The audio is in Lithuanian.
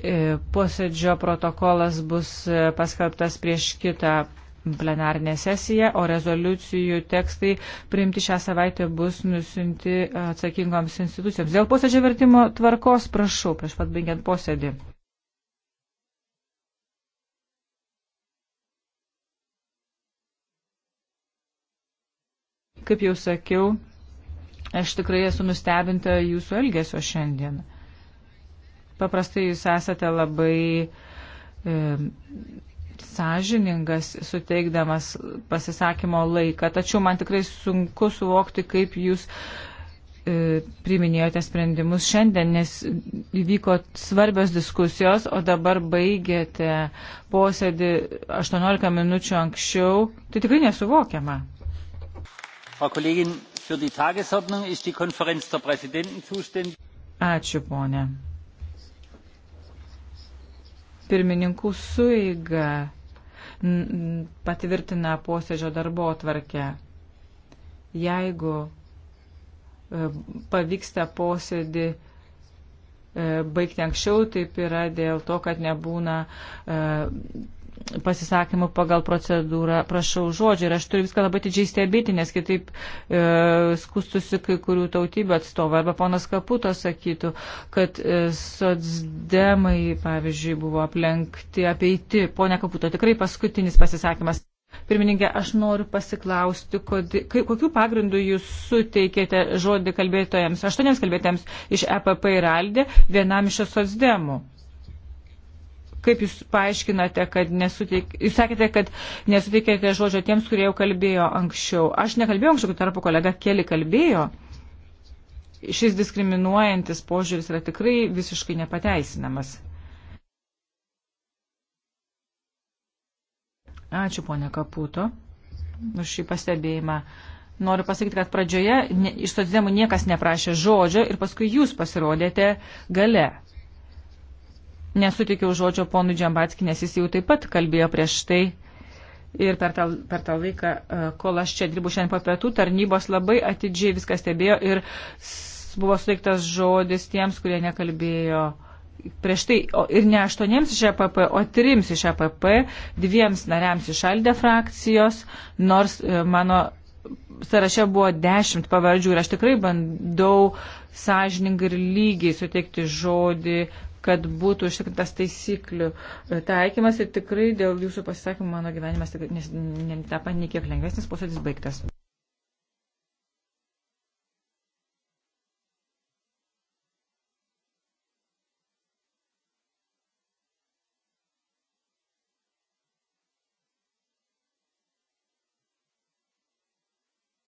E, posėdžio protokolas bus e, paskelbtas prieš kitą plenarinę sesiją, o rezoliucijų tekstai priimti šią savaitę bus nusinti e, atsakingoms institucijoms. Dėl posėdžio vertimo tvarkos prašau, prieš pat baigiant posėdį. Kaip jau sakiau, aš tikrai esu nustebinta jūsų elgesio šiandien. Paprastai jūs esate labai e, sąžiningas, suteikdamas pasisakymo laiką, tačiau man tikrai sunku suvokti, kaip jūs e, priminėjote sprendimus šiandien, nes įvyko svarbios diskusijos, o dabar baigėte posėdį 18 minučių anksčiau. Tai tikrai nesuvokiama. Frau Kollegin, für die Tagesordnung ist die Konferenz der Präsidenten zuständig. Ačiū, ponė pirmininkų suiga patvirtina posėdžio darbo atvarkę. Jeigu e, pavyksta posėdį e, baigti anksčiau, taip yra dėl to, kad nebūna e, pasisakymų pagal procedūrą prašau žodžio ir aš turiu viską labai didžiai stebėti, nes kitaip e, skustusi kai kurių tautybių atstovai arba ponas Kaputo sakytų, kad e, sodsdemai, pavyzdžiui, buvo aplenkti, apeiti. Pone Kaputo, tikrai paskutinis pasisakymas. Pirmininkė, aš noriu pasiklausti, kodė, kai, kokiu pagrindu jūs suteikėte žodį kalbėtojams, aštuoniams kalbėtojams iš EPP ir Aldė, vienam iš šios sodsdemų kaip jūs paaiškinate, kad nesuteik, jūs sakėte, kad nesuteikėte žodžio tiems, kurie jau kalbėjo anksčiau. Aš nekalbėjau anksčiau, tarpu kolega Keli kalbėjo. Šis diskriminuojantis požiūris yra tikrai visiškai nepateisinamas. Ačiū, ponia Kaputo, už šį pastebėjimą. Noriu pasakyti, kad pradžioje ne, iš socdemų niekas neprašė žodžio ir paskui jūs pasirodėte gale nesutikiau žodžio ponui Džambatski, nes jis jau taip pat kalbėjo prieš tai. Ir per tą, per tą laiką, e, kol aš čia dirbu šiandien po pietų, tarnybos labai atidžiai viską stebėjo ir buvo suteiktas žodis tiems, kurie nekalbėjo prieš tai o, ir ne aštuoniems iš EPP, o trims iš EPP, dviems nariams išaldė frakcijos, nors e, mano sąraše buvo dešimt pavardžių ir aš tikrai bandau sąžiningai ir lygiai suteikti žodį kad būtų užtikrintas taisyklių e, taikymas ir tikrai dėl jūsų pasisakymų mano gyvenimas netapo nei kiek lengvesnis posėdis baigtas.